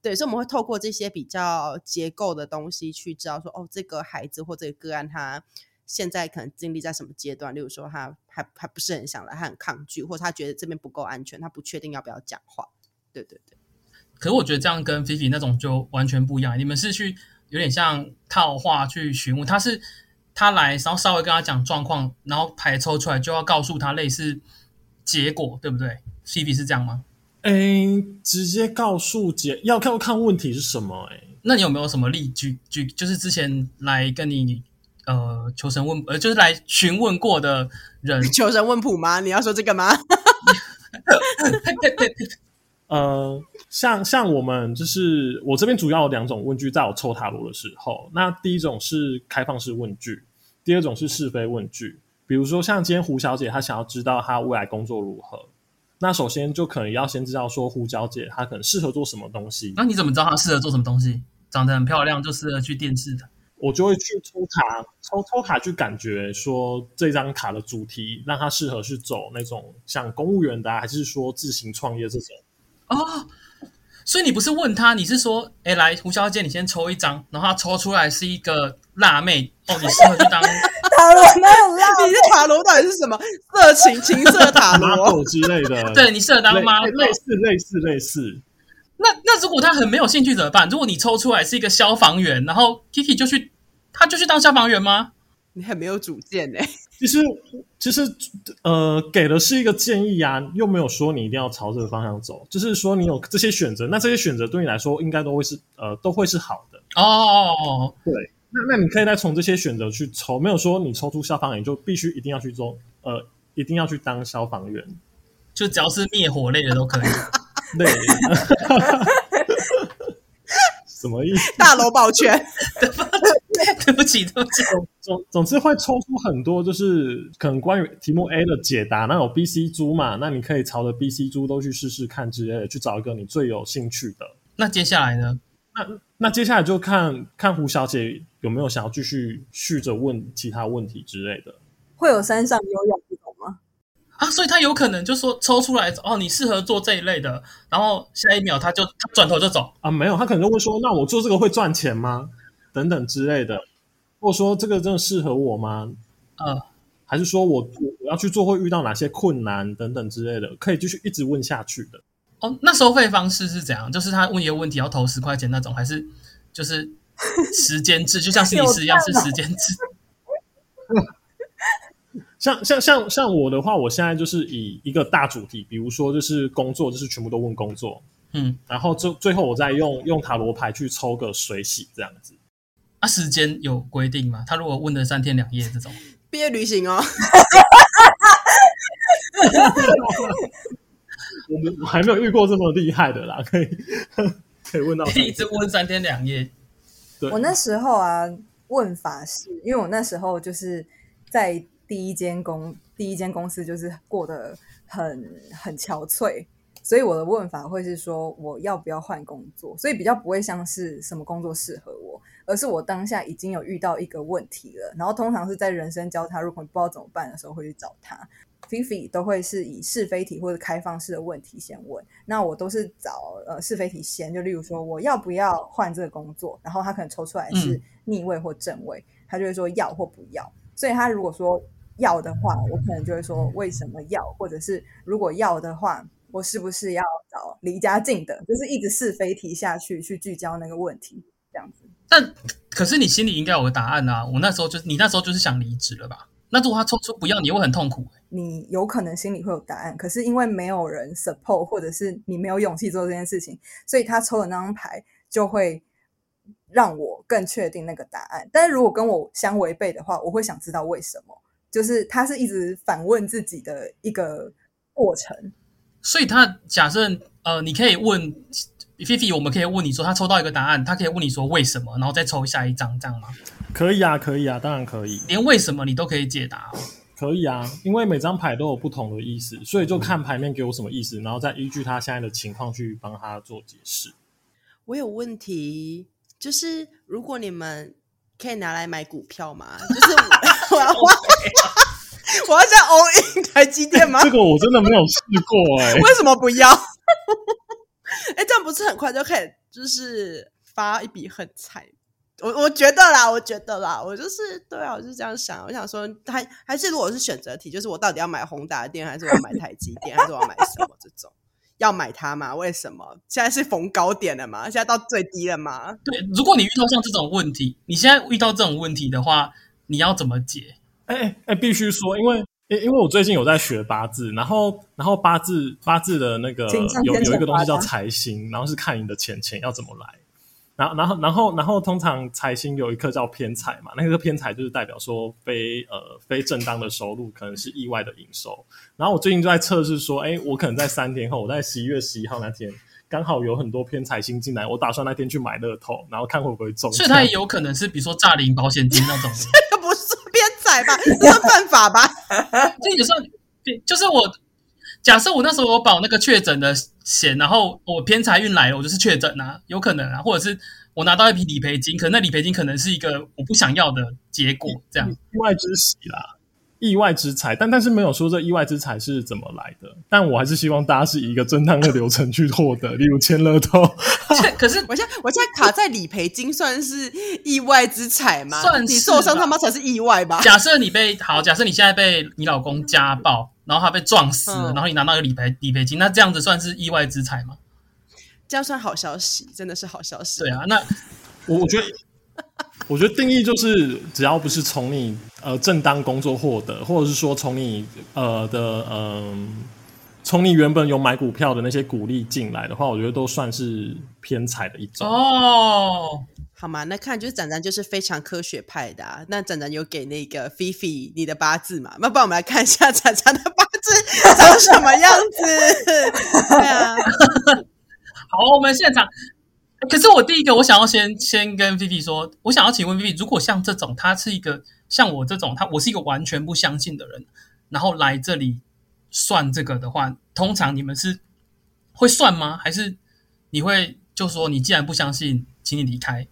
對，所以我們會透過這些比較結構的東西去知道說，哦，這個孩子或這個個案他現在可能經歷在什麼階段。例如說，他還還不是很想來，他很抗拒，或者他覺得這邊不夠安全，他不確定要不要講話。對對對。可是我覺得這樣跟 Fifi 那種就完全不一樣。你們是去有點像套話去詢問，他是他來，然後稍微跟他講狀況，然後牌抽出來就要告訴他類似結果，對不對？Fifi 是這樣嗎？哎、欸，直接告訴姐要要看問題是什麼、欸？哎，那你有沒有什麼例句句？就是之前來跟你呃求神問呃，就是來詢問過的人求神問卜嗎？你要說這個嗎？ 呃，像像我們就是我這邊主要有兩種問句，在我抽塔羅的時候，那第一種是開放式問句，第二種是是非問句。比如說像今天胡小姐她想要知道她未來工作如何。那首先就可能要先知道說胡小姐她可能適合做什麼東西。那你怎麼知道她適合做什麼東西？長得很漂亮就適合去電視台？我就會去抽卡，抽抽卡去感覺說這張卡的主題讓她適合去走那種像公務員的、啊，還是說自行創業這種？哦。所以你不是問他，你是說，哎，來胡小姐，你先抽一張，然後他抽出來是一個辣妹， 哦，你適合去當塔羅，那辣的，你的塔羅到底是什麼？色情情色塔羅 no,、哦、之類的？對，你適合當嗎？類似類似，類似，類，似類似。那那如果他很沒有興趣怎麼辦？如果你抽出來是一個消防員，然後 Kiki 就去，他就去當消防員嗎？你很沒有主見呢、欸。其實，其實，呃，給的是一個建議啊，又沒有說你一定要朝這個方向走。就是說，你有這些選擇，那這些選擇對你來說，應該都會是，呃，都會是好的。哦，哦哦，對，那那你可以再從這些選擇去抽，沒有說你抽出消防員就必須一定要去做，呃，一定要去當消防員，就只要是滅火類的都可以 。對。 什麼意思？大樓保全， 對不起，對不起，總總之會抽出很多，就是可能關於題目 A 的解答，那有 B、C 組嘛？那你可以朝着 B、C 組都去試試看之類的，去找一個你最有興趣的。那接下來呢？那那接下來就看看胡小姐有沒有想要繼續續着問其他問題之類的。會有山上游泳。啊，所以他有可能就說抽出來哦，你適合做這一類的，然後下一秒他就他轉頭就走啊，沒有，他可能會說，那我做這個會賺錢嗎？等等之類的，或者說這個真的適合我嗎？呃，還是說我我要去做會遇到哪些困難等等之類的，可以繼續一直問下去的。哦，那收費方式是怎樣？就是他問一個問題要投十塊錢那種，還是就是時間制，就像是你是一樣是時間制？ 電 像像像像我的話，我現在就是以一個大主題，比如說就是工作，就是全部都問工作，嗯，然後最最後我再用用塔羅牌去抽個水洗這樣子。啊，時間有規定嗎？他如果問了三天兩夜這種畢業旅行哦， 我們我還沒有遇過這麼厲害的啦，可以 可以問到三次，一直問三天兩夜。對，我那時候啊問法是，因為我那時候就是在。第一間公第一間公司就是過得很很憔悴，所以我的問法會是說，我要不要換工作，所以比較不會像是什麼工作適合我，而是我當下已經有遇到一個問題了，然後通常是在人生交叉路口不知道怎麼辦的時候會去找他。Fifi 都會是以是非題或者開放式的問題先問，那我都是找呃是非題先，就例如說我要不要換這個工作，然後他可能抽出來是逆位或正位，嗯，他就會說要或不要，所以他如果說。要的話，我可能就會說為什麼要，或者是如果要的話，我是不是要找離家近的？就是一直是非題下去，去聚焦那個問題，這樣子。但可是你心裡應該有個答案啊！我那時候就，你那時候就是想離職了吧？那如果他抽出不要，你會很痛苦欸。你有可能心裡會有答案，可是因為沒有人 support，或者是你沒有勇氣做這件事情，所以他抽的那張牌就會讓我更確定那個答案。但是如果跟我相違背的話，我會想知道為什麼。就是他是一直反問自己的一個過程，所以他假設呃，你可以問菲菲，Fifi、我們可以問你說，他抽到一個答案，他可以問你說為什麼，然後再抽下一張這樣嗎？可以啊，可以啊，當然可以。連為什麼你都可以解答？可以啊，因為每張牌都有不同的意思，所以就看牌面給我什麼意思，嗯、然後再依據他現在的情況去幫他做解釋。我有問題，就是如果你們。可以拿來買股票嗎？就是我要花， okay. 我要在 all in 台積電嗎？這個我真的沒有試過哎、欸。 為什麼不要？哎、 欸，這樣不是很快就可以，就是發一筆橫財？我我覺得啦，我覺得啦，我就是對啊，我是這樣想。我想說，還還是如果是選擇題，就是我到底要買宏達電，店，還是我買台積電，還是我,要買, 還是我要買什麼這種？要買它嗎？為什麼？現在是逢高點了嘛？現在到最低了嘛？對，如果你遇到像這種問題，你現在遇到這種問題的話，你要怎麼解？哎、欸、哎、欸，必須說，因為、欸，因為我最近有在學八字，然後，然後八字八字的那個問問問有有一個東西叫財星，然後是看你的錢錢要怎麼來。然後，然後，然後，然後，通常財星有一顆叫偏財嘛？那個偏財就是代表說非呃非正當的收入，可能是意外的營收。然後我最近就在測試說，哎，我可能在三天後，我在十一月十一號那天剛好有很多偏財星進來，我打算那天去買樂透，然後看會不會中。所以它也有可能是，比如說詐領保險金那種。這 個不是偏財吧？這是，是犯法吧？就是說，就是我。假設我那時候有我保那個確診的險，然後我偏財運來了，我就是確診啊，有可能啊，或者是我拿到一筆理賠金，可能那理賠金可能是一個我不想要的結果，這樣意外之喜啦，意外之財，但但是沒有說這意外之財是怎麼來的，但我還是希望大家是以一個正當的流程去獲得， 例如簽樂透。可是 我現在我現在卡在理賠金算是意外之財嗎？算是你受傷他媽才是意外吧？假設你被好，假設你現在被你老公家暴。然後他被撞死，嗯，然後你拿到一個理賠理賠金，那這樣子算是意外之財嗎？這樣算好消息,真的是好消息。對啊，那我覺得， 我覺得定義就是，只要不是從你呃正當工作獲得，或者是說從你呃的嗯。呃從你原本有買股票的那些股利進來的話，我覺得都算是偏財的一種哦。Oh. 好嘛,那看就是展展就是非常科學派的啊。那展展有給那個菲菲你的八字嘛？那幫我們來看一下展展的八字長什麼樣子？ 對啊。好，我們現場。可是我第一個，我想要先先跟菲菲說，我想要請問菲菲，如果像這種，他是一個像我這種，他我是一個完全不相信的人，然後來這裡。算這個的話，通常你們是會算嗎？還是你會就說你既然不相信，請你離開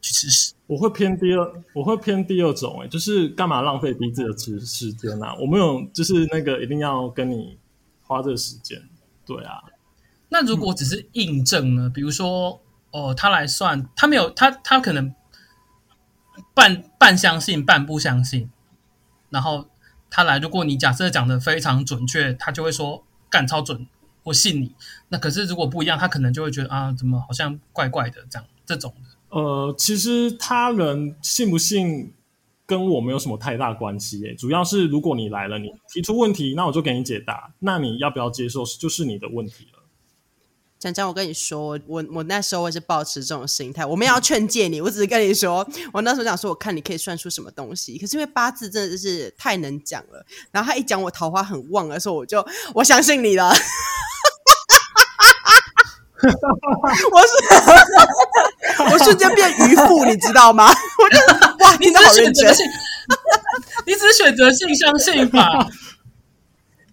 去吃屎？我會偏第二，我會偏第二種、欸，哎，就是幹嘛浪費彼此的時時間啊？我沒有，就是那個一定要跟你花這個時間。對啊，那如果只是印證呢？嗯、比如說，哦、呃，他來算，他沒有，他他可能半半相信，半不相信，然後。他來，如果你假設講的非常準確，他就會說，幹超準，我信你。那可是如果不一樣，他可能就會覺得啊，怎麼好像怪怪的這樣這種的。呃，其實他人信不信跟我沒有什麼太大關係，欸，主要是如果你來了，你提出問題，那我就給你解答，那你要不要接受就是你的問題了。展展，我跟你說，我我那時候也是保持這種心態。我沒有要勸誡你，我只是跟你說，我那時候想說，我看你可以算出什麼東西。可是因為八字真的就是太能講了，然後他一講我桃花很旺的時候，我就我相信你了。 我是 我瞬間變愚婦，你知道嗎？我真的哇，你只你選擇性，你只選擇性相信吧。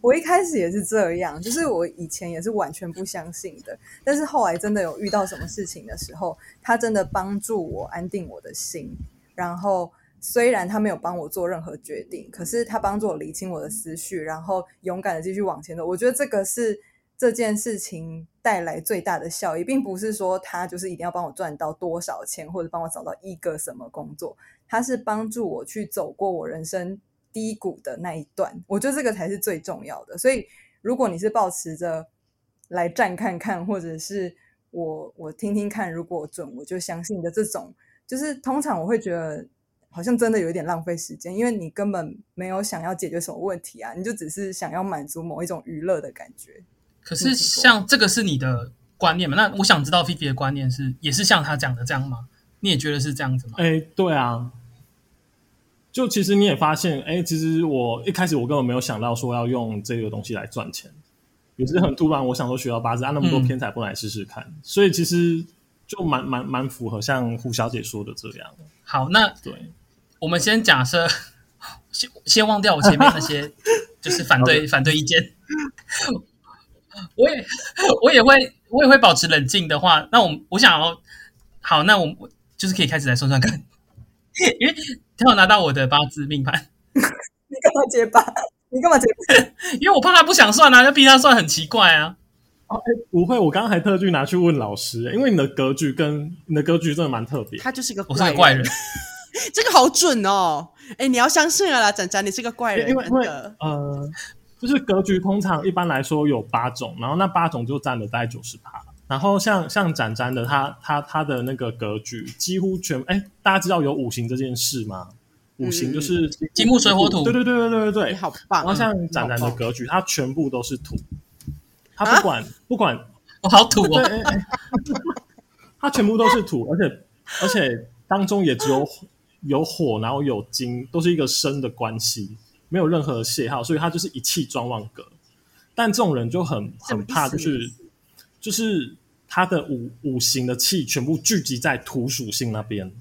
我一開始也是這樣，就是我以前也是完全不相信的，但是後來真的有遇到什麼事情的時候，他真的幫助我安定我的心。然後雖然他沒有幫我做任何決定，可是他幫助我理清我的思緒，然後勇敢地繼續往前走。我覺得這個是這件事情帶來最大的效益，並不是說他就是一定要幫我賺到多少錢，或者幫我找到一個什麼工作，他是幫助我去走過我人生低谷的那一段，我覺得這個才是最重要的。所以，如果你是抱持着來站看看，或者是我我聽聽看，如果準我就相信你的這種，就是通常我會覺得好像真的有一點浪費時間，因為你根本沒有想要解決什麼問題啊，你就只是想要滿足某一種娛樂的感覺。可是，像這個是你的觀念嘛。那我想知道 Fifi 的觀念是也是像他講的這樣嗎？你也覺得是這樣子嗎？哎、欸，對啊。就其實你也發現，欸、其實我一開始我根本沒有想到說要用這個東西來賺錢，也是很突然。我想說學到八字，按、嗯啊、那麼多偏財過來試試看、嗯，所以其實就蠻蠻蠻符合像胡小姐說的這樣。好，那對，我們先假設，先先忘掉我前面那些 就是反對 反對意見。 我也我也會我也會保持冷靜的話，那我我想好，那我我就是可以開始來算算看，因為。他有拿到我的八字命盤， 你幹嘛結巴？你幹嘛結巴？ 因為我怕他不想算啊，就逼他算，很奇怪啊。哦、okay，不會，我剛剛還特地拿去問老師、欸，因為你的格局跟你的格局真的蠻特別。他就是一個我是怪人，怪人 這個好準哦。誒、欸、你要相信了啦，展展，你是個怪人。欸、因為，因為呃，就是格局通常一般來說有八種，然後那八種就占了大概九十趴。然後像像展沾的他他他的那個格局幾乎全哎，大家知道有五行這件事嗎？嗯、五行就是金木水火土。對對對對對對對。好棒。然後像展沾的格局，嗯、他全部都是土，他不管、啊、不管我、哦、好土哦。他全部都是土，而且而且當中也只有 有火，然後有金，都是一個生的關係，沒有任何的洩耗，所以他就是一氣專旺格。但這種人就很很怕、就是，就是就是。他的五五行的氣全部聚集在土屬性那邊，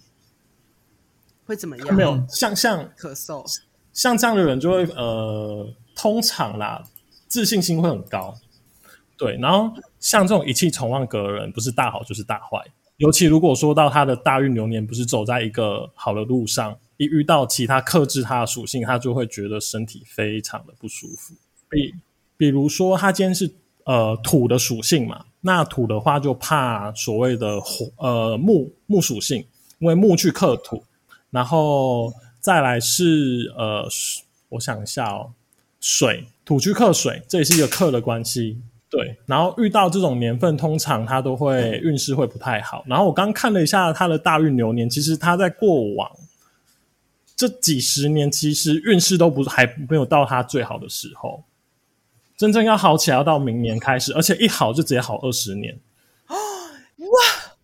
會怎麼樣？沒有像像咳嗽，像這樣的人就會呃，通常啦，自信心會很高。對，然後像這種一氣重旺格的人，不是大好就是大壞。尤其如果說到他的大運流年，不是走在一個好的路上，一遇到其他克制他的屬性，他就會覺得身體非常的不舒服。比比如說，他今天是呃土的屬性嘛。那土的話就怕所謂的火，呃木木屬性，因為木去克土，然後再來是呃，我想一下哦，水，土去克水，這也是一個克的關係，對。然後遇到這種年份，通常他都會運勢會不太好。然後我剛剛看了一下他的大運流年，其實他在過往這幾十年，其實運勢都不還沒有到他最好的時候。真正要好起來，要到明年開始，而且一好就直接好二十年，哦，哇！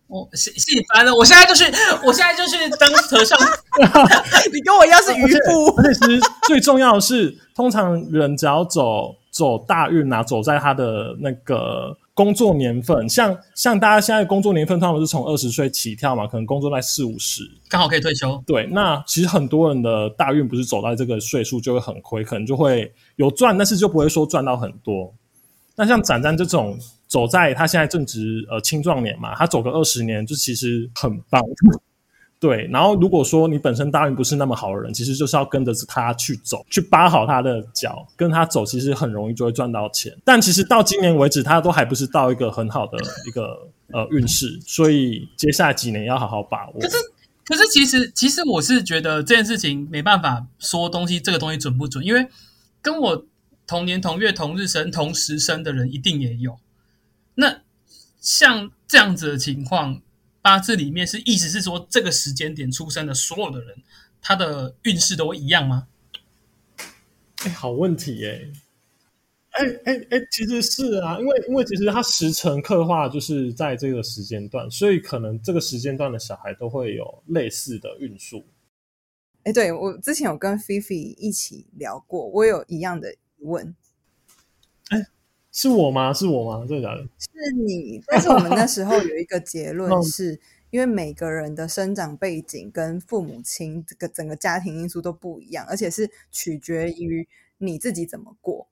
我喜喜歡了，我現在就是，我現在就是當和尚。 你跟我一樣是愚婦。而且其實最重要的是， 通常人只要走走大運啊，走在他的那個。工作年份，像像大家現在工作年份，他們是從二十歲起跳嘛，可能工作在四五十，剛好可以退休。對，那其實很多人的大運不是走到這個歲數就會很虧，可能就會有賺，但是就不會說賺到很多。那像展沾這種走在他現在正值呃青壯年嘛，他走個二十年就其實很棒。嗯對，然後如果說你本身大運不是那麼好的人，其實就是要跟着他去走，去扒好他的腳，跟他走，其實很容易就會賺到錢。但其實到今年為止，他都還不是到一個很好的一個呃運勢，所以接下來幾年要好好把握。可是，可是其實其實我是覺得這件事情沒辦法說東西，這個東西準不準？因為跟我同年同月同日生、同時生的人一定也有。那像這樣子的情況。八字裡面是意思是說，這個時間點出生的所有的人，他的運勢都一樣嗎？哎、欸，好問題耶、欸！哎哎哎，其實是啊，因為因為其實他時辰刻畫就是在這個時間段，所以可能這個時間段的小孩都會有類似的運數。哎、欸，對，我之前有跟菲菲一起聊過，我有一樣的疑問。是我嗎？是我嗎？真的假的？是你。但是我們那時候有一個結論，是、 嗯、因為每個人的生長背景跟父母親這個整個家庭因素都不一樣，而且是取決於你自己怎麼過。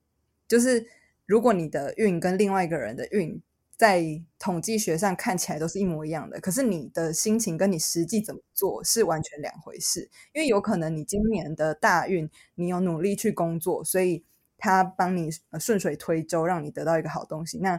就是如果你的運跟另外一個人的運，在統計學上看起來都是一模一樣的，可是你的心情跟你實際怎麼做是完全兩回事。因為有可能你今年的大運，你有努力去工作，所以。他幫你順水推舟，讓你得到一個好東西，那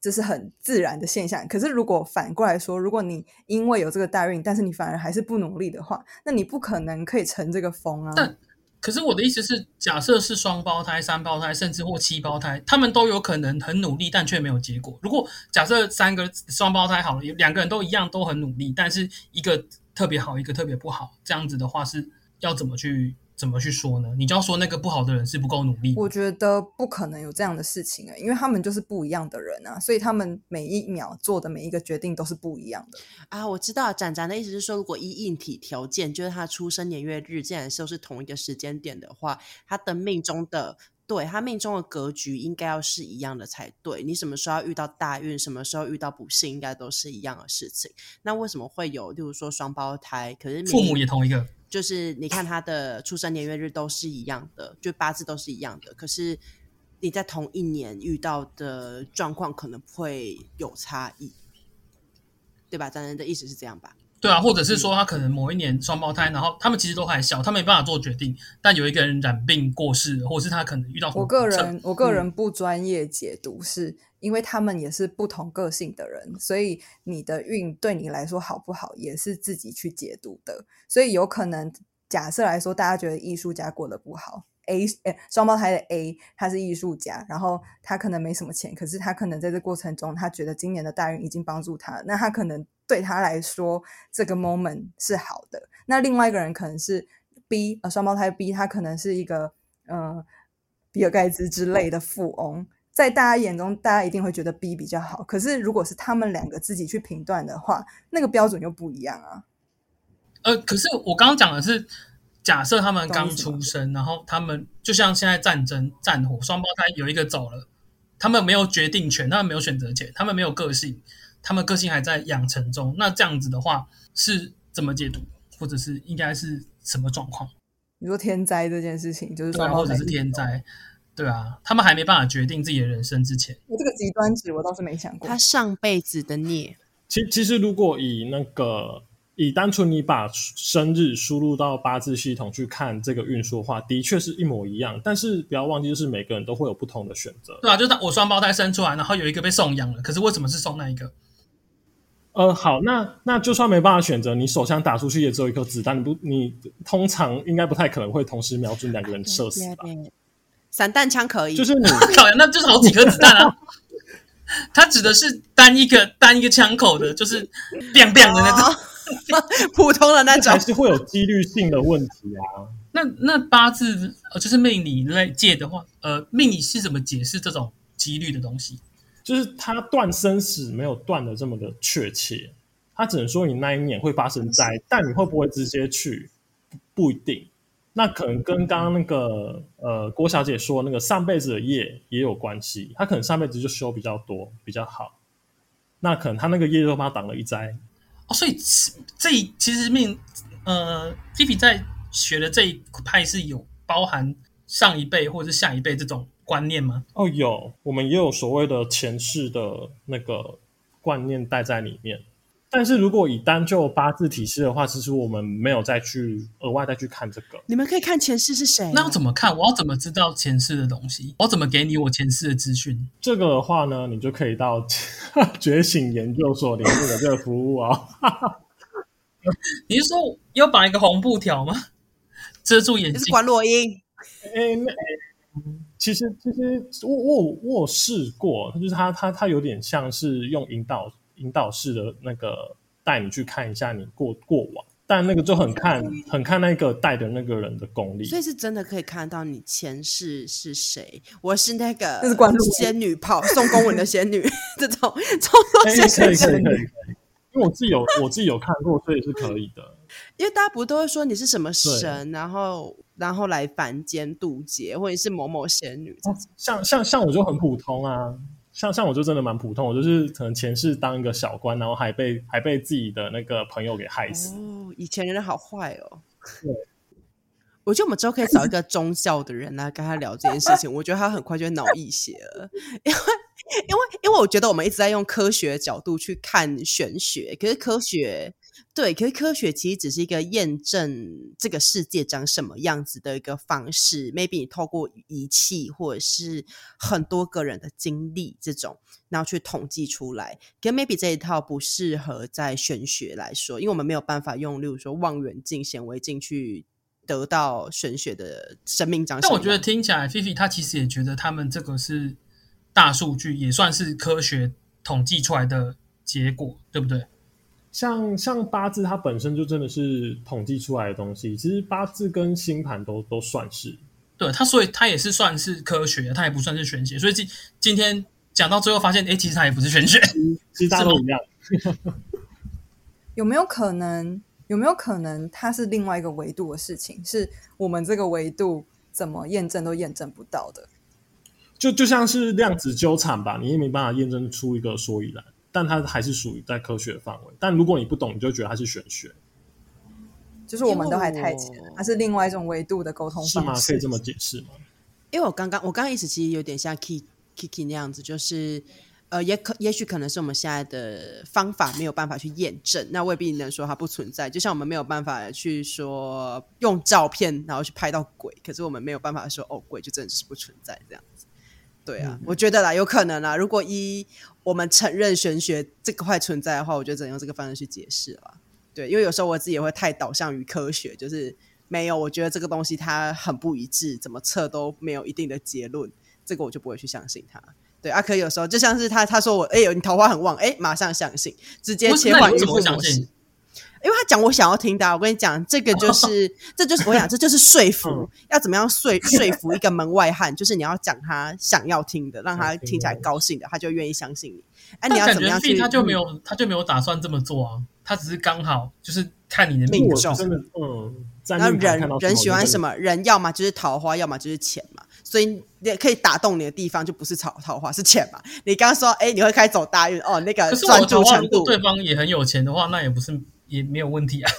這是很自然的現象。可是，如果反過來說，如果你因為有這個大運，但是你反而還是不努力的話，那你不可能可以乘這個風啊。但可是我的意思是，假設是雙胞胎、三胞胎，甚至或七胞胎，他們都有可能很努力，但卻沒有結果。如果假設三個雙胞胎好了，有兩個人都一樣都很努力，但是一個特別好，一個特別不好，這樣子的話是。要怎麼去怎麼去說呢？你就要說那個不好的人是不夠努力。我覺得不可能有這樣的事情哎、欸，因為他們就是不一樣的人啊，所以他們每一秒做的每一個決定都是不一樣的啊。我知道展展的意思是說，如果以硬體條件，就是他出生年月日，既然都是同一個時間點的話，他的命中的對他命中的格局應該要是一樣的才對。你什麼時候要遇到大運，什麼時候遇到不幸，應該都是一樣的事情。那為什麼會有，例如說雙胞胎，可是父母也同一個？就是你看他的出生年月日都是一樣的，就八字都是一樣的，可是你在同一年遇到的狀況可能會有差異，對吧？咱們的意思是這樣吧。對啊，或者是說他可能某一年雙胞胎，嗯，然後他們其實都還小，他沒辦法做決定。但有一個人染病過世，或者是他可能遇到我個人、嗯、我個人不專業解讀，是因為他們也是不同個性的人，所以你的運對你來說好不好也是自己去解讀的。所以有可能假設來說，大家覺得藝術家過得不好，A 哎雙胞胎的 A 他是藝術家，然後他可能沒什麼錢，可是他可能在這過程中，他覺得今年的大運已經幫助他，那他可能。對他來說，這個 moment 是好的。那另外一個人可能是 B，呃，雙胞胎 B，他可能是一個呃，比爾蓋茨之類的富翁，在大家眼中，大家一定會覺得 B 比較好。可是，如果是他們兩個自己去評斷的話，那個標準又不一樣啊。呃，可是我剛剛講的是，假設他們剛出生，然後他們就像現在戰爭、戰火，雙胞胎有一個走了，他們沒有決定權，他們沒有選擇權，他們沒有個性。他們個性還在養成中，那這樣子的話是怎麼解讀，或者是應該是什麼狀況？你說天災這件事情，就是雙胞胎之中、對啊、或者是天災，對啊，他們還沒辦法決定自己的人生之前。我這個極端值我倒是沒想過。他上輩子的孽，其實其實如果以那個以單純你把生日輸入到八字系統去看這個運數的話，的確是一模一樣。但是不要忘記，就是每個人都會有不同的選擇，對啊，就當我雙胞胎生出來，然後有一個被送養了，可是為什麼是送那一個？呃，好，那那就算沒辦法選擇，你手槍打出去也只有一顆子彈，不，你通常應該不太可能會同時瞄準兩個人射死吧？散彈槍可以，就是你， 靠呀，那就是好幾顆子彈啊！他 指的是單一個單一個槍口的， 就是砰砰的那種 普通的那種，是還是會有幾率性的問題啊？ 那那八字呃，就是命理那界的話，呃，命理是怎麼解釋這種幾率的東西？就是他斷生死沒有斷的這麼的確切，他只能說你那一年會發生災，但你會不會直接去，不一定。那可能跟剛剛那個呃郭小姐說那個上輩子的業也有關係，她可能上輩子就修比較多比較好，那可能她那個業就把他擋了一災。哦，所以這其實命呃 Fifi 在學的這一派是有包含上一輩或者是下一輩這種觀念嗎？哦，有，我們也有所謂的前世的那個觀念帶在裡面。但是如果以單就八字體系的話，其實我們沒有再去額外再去看這個。你們可以看前世是誰？啊？那要怎麼看？我要怎麼知道前世的東西？我怎麼給你我前世的資訊？這個的話呢，你就可以到覺醒研究所裡面的個這個服務啊。哦。 你是說要把一個紅布條嗎？遮住眼睛？觀落陰。哎其實，其實我我我試過，就是他他他有點像是用引導引導式的那個帶你去看一下你過過往，但那個就很看很看那個帶的那個人的功力所，所以是真的可以看到你前世是誰？我是那個，那是路仙女炮，送公文的仙女 這種，這種都可以，可以，可以，可以因為我自己有 我自己有看過，所以是可以的。因為大家不都會說你是什麼神，然後然後來凡間渡劫，或者是某某仙女。像像像我就很普通啊，像像我就真的蠻普通，我就是可能前世當一個小官，然後還被還被自己的那個朋友給害死。哦，以前人好壞哦。我覺得我們之後可以找一個宗教的人來跟他聊這件事情。 我覺得他很快就會腦溢血了，因為因為因為我覺得我們一直在用科學的角度去看玄學，可是科學。對，可是科學其實只是一個驗證這個世界長什麼樣子的一個方式。Maybe 你透過儀器或者是很多個人的經歷這種、嗯，然後去統計出來。可是 Maybe 這一套不適合在玄學來說，因為我們沒有辦法用，例如說望遠鏡、顯微鏡去得到玄學的生命長。但我覺得聽起來，Fifi 她其實也覺得他們這個是大數據，也算是科學統計出來的結果，對不對？像像八字，它本身就真的是統計出來的東西。其實八字跟星盤都都算是，對它，所以它也是算是科學，它也不算是玄學。所以今今天講到最後，發現哎，其實它也不是玄學，其實它都是大同一樣。 有沒有可能？有沒有可能它是另外一個維度的事情？是我們這個維度怎麼驗證都驗證不到的？就就像是量子糾纏吧，你也沒辦法驗證出一個所以然。但它還是屬於在科學範圍，但如果你不懂，你就覺得它是玄學，就是我們都還太淺。它是另外一種維度的溝通方式是嗎？可以這麼解釋嗎？因為我剛剛，我剛剛意思其實有點像 Kiki, Kiki 那樣子，就是呃，也可，也許可能是我們現在的方法沒有辦法去驗證，那未必能說它不存在。就像我們沒有辦法去說用照片然後去拍到鬼，可是我們沒有辦法說哦，鬼就真的是不存在這樣子。對啊，嗯、我覺得啦，有可能啦，如果一，我們承認玄學這塊、個、存在的話，我就只能用這個方式去解釋了啦。對，因為有時候我自己也會太導向於科學，就是沒有，我覺得這個東西它很不一致，怎麼測都沒有一定的結論，這個我就不會去相信它。對啊，可以有時候就像是他他說我哎、欸，你桃花很旺哎、欸，馬上相信，直接切換一種模式。因為他講我想要聽的，啊，我跟你講，這個就是，這就是我想這就是說服，嗯、要怎麼樣說說服一個門外漢， 就是你要講他想要聽的，讓他聽起來高興的，他就願意相信你。哎，啊，但你要怎麼樣去他？他就沒有，他就沒有打算這麼做啊，他只是剛好就是看你的命，命。我真的，嗯、呃，那人人喜歡什麼？人要麼就是桃花，要麼就是錢嘛。所以你可以打動你的地方就不是桃，桃花，是錢嘛。你剛剛說，哎，你會開始走大運哦，那個程度，可是我總覺得對方也很有錢的話，那也不是。也沒有問題啊，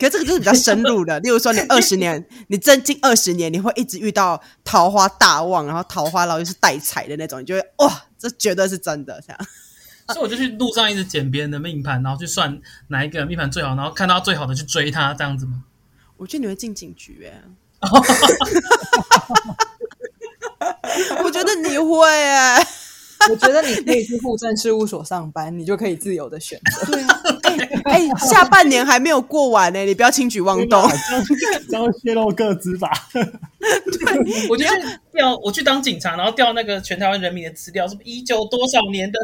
可是這個就是比較深入的。 例如說，你二十年， 你將近二十年，你會一直遇到桃花大旺，然後桃花老又是帶彩的那種，你就會哇，這絕對是真的，這樣。所以我就去路上一直撿別人的命盤，然後去算哪一個命盤最好，然後看到最好的去追他，這樣子嗎？我覺得你會進警局、欸，哎，哈哈哈哈哈哈，我覺得你會哎、欸。我覺得你可以去戶政事務所上班， 你就可以自由的選擇。 對、啊，哎、 下半年還沒有過完呢、欸，你不要輕舉妄動，然後洩露個資吧。要吧 對，我就去我去當警察，然後調那個全台灣人民的資料，什麼一九多少年的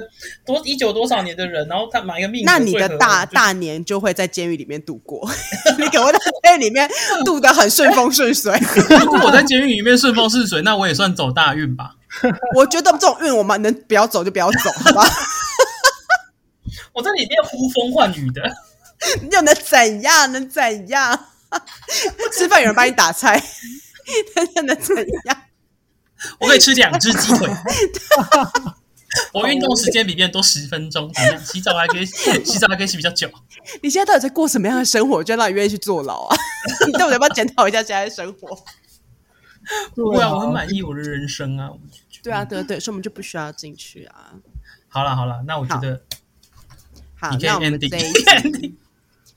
多一九多少年的人，然後看哪一個命。那你的大大年就會在監獄裡面度過， 你給我在監獄裡面度得很順風順水。 如果我在監獄裡面順風順水，那我也算走大運吧。 我覺得這種運我們能不要走就不要走吧。 好不好 我在裡面呼風喚雨的，你又能怎樣？能怎樣？吃飯有人幫你打菜，那 能怎樣？我可以吃兩隻雞腿。 我運動時間比別人多十分鐘， 你洗澡還可以，洗澡還可以洗比較久。 你現在到底在過什麼樣的生活？我覺得你願意去坐牢啊？ 你到底要不要檢討一下現在的生活？對 啊，我很滿意我的人生啊。對啊，對對，所以我們就不需要進去啊。嗯、好了好了，那我覺得好，好那我們這一集，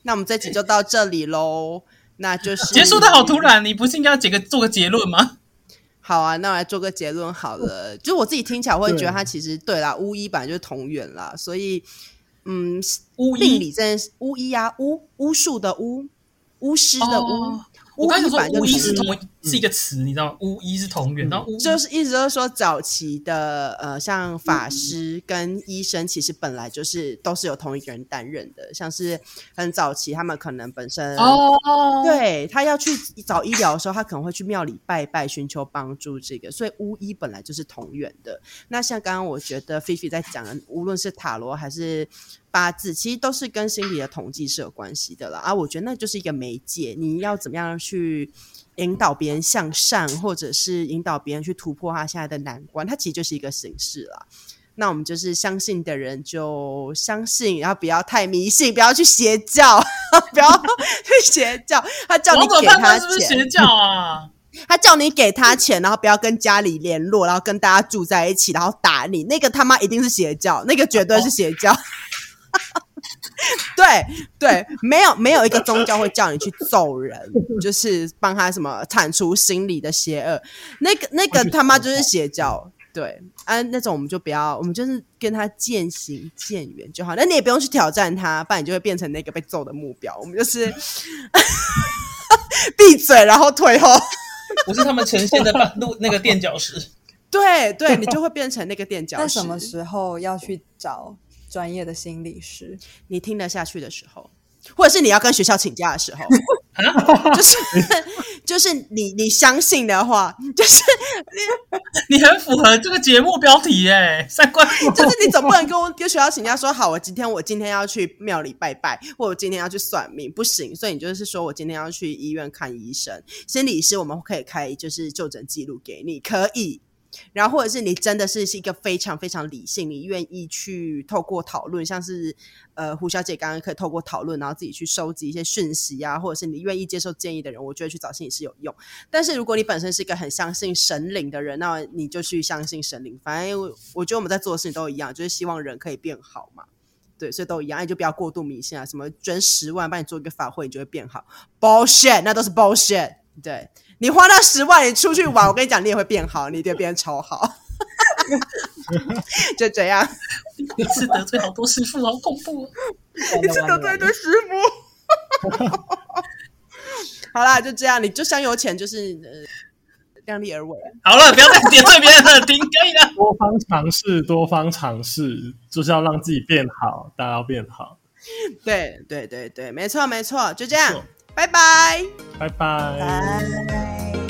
那我們這集就到這裡嘍。那就是結束得好突然，你不是應該要結個做個結論嗎？好啊，那我來做個結論好了、嗯。就我自己聽起來，我會覺得它其實對啦對，巫醫本來就是同源了，所以嗯，巫命理真是巫醫啊，巫巫術的巫，巫師的巫，哦、巫醫本來就同。是一個詞、嗯，你知道嗎？巫醫是同源，巫就是一直都說早期的，呃，像法師跟醫生其實本來就是都是有同一個人擔任的，像是很早期他們可能本身哦，對他要去找醫療的時候，他可能會去廟裡拜拜尋求幫助，這個所以巫醫本來就是同源的。那像剛剛我覺得 Fifi 在講的，無論是塔羅還是八字，其實都是跟心理的統計是有關係的啦。啊，我覺得那就是一個媒介，你要怎麼樣去引導別人向善，或者是引導別人去突破他現在的難關，它其實就是一個形式了。那我們就是相信的人就相信，然後不要太迷信，不要去邪教， 不要去邪教。他叫你給他錢，他、 是不是邪教啊，他叫你給他錢，然後不要跟家裡聯絡，然後跟大家住在一起，然後打你，那個他媽一定是邪教，那個絕對是邪教。哦 對對，沒有沒有一個宗教會叫你去揍人， 就是幫他什麼鏟除心理的邪惡，那個那個他媽就是邪教，對啊，那種我們就不要，我們就是跟他漸行漸遠就好。那你也不用去挑戰他，不然你就會變成那個被揍的目標。我們就是閉 嘴，然後退後。 我是他們呈現的路那個墊腳石， 對對，你就會變成那個墊腳石。那什麼時候要去找？專業的心理師，你聽得下去的時候，或者是你要跟學校請假的時候， 就是就是你你相信的話，就是你 你很符合這個節目標題哎、欸， 三觀，就是你總不能跟我 跟學校請假說好，我今天我今天要去廟裡拜拜，或我今天要去算命，不行，所以你就是說我今天要去醫院看醫生，心理師，我們可以開就是就診記錄給你，可以。然後，或者是你真的是是一個非常非常理性，你願意去透過討論，像是呃胡小姐剛剛可以透過討論，然後自己去收集一些訊息啊，或者是你願意接受建議的人，我覺得去找心理師是有用。但是如果你本身是一個很相信神靈的人，那你就去相信神靈。反正我，我覺得我們在做的事情都一樣，就是希望人可以變好嘛，對，所以都一樣。你就不要過度迷信啊，什麼捐十萬幫你做一個法會，你就會變好？bullshit，那都是 bullshit，對。你花那十萬，你出去玩，我跟你講，你也會變好，你一定變超好， 就這樣。 一次得罪好多師傅，好恐怖。一次得罪一堆師傅。 好啦，就這樣，你就想有錢，就是、呃、量力而為。好了，不要再得罪別人了，停，可以了。多方嘗試，多方嘗試，就是要讓自己變好，大家要變好。對對對對，沒錯沒錯，就這樣。拜拜，拜拜，拜拜。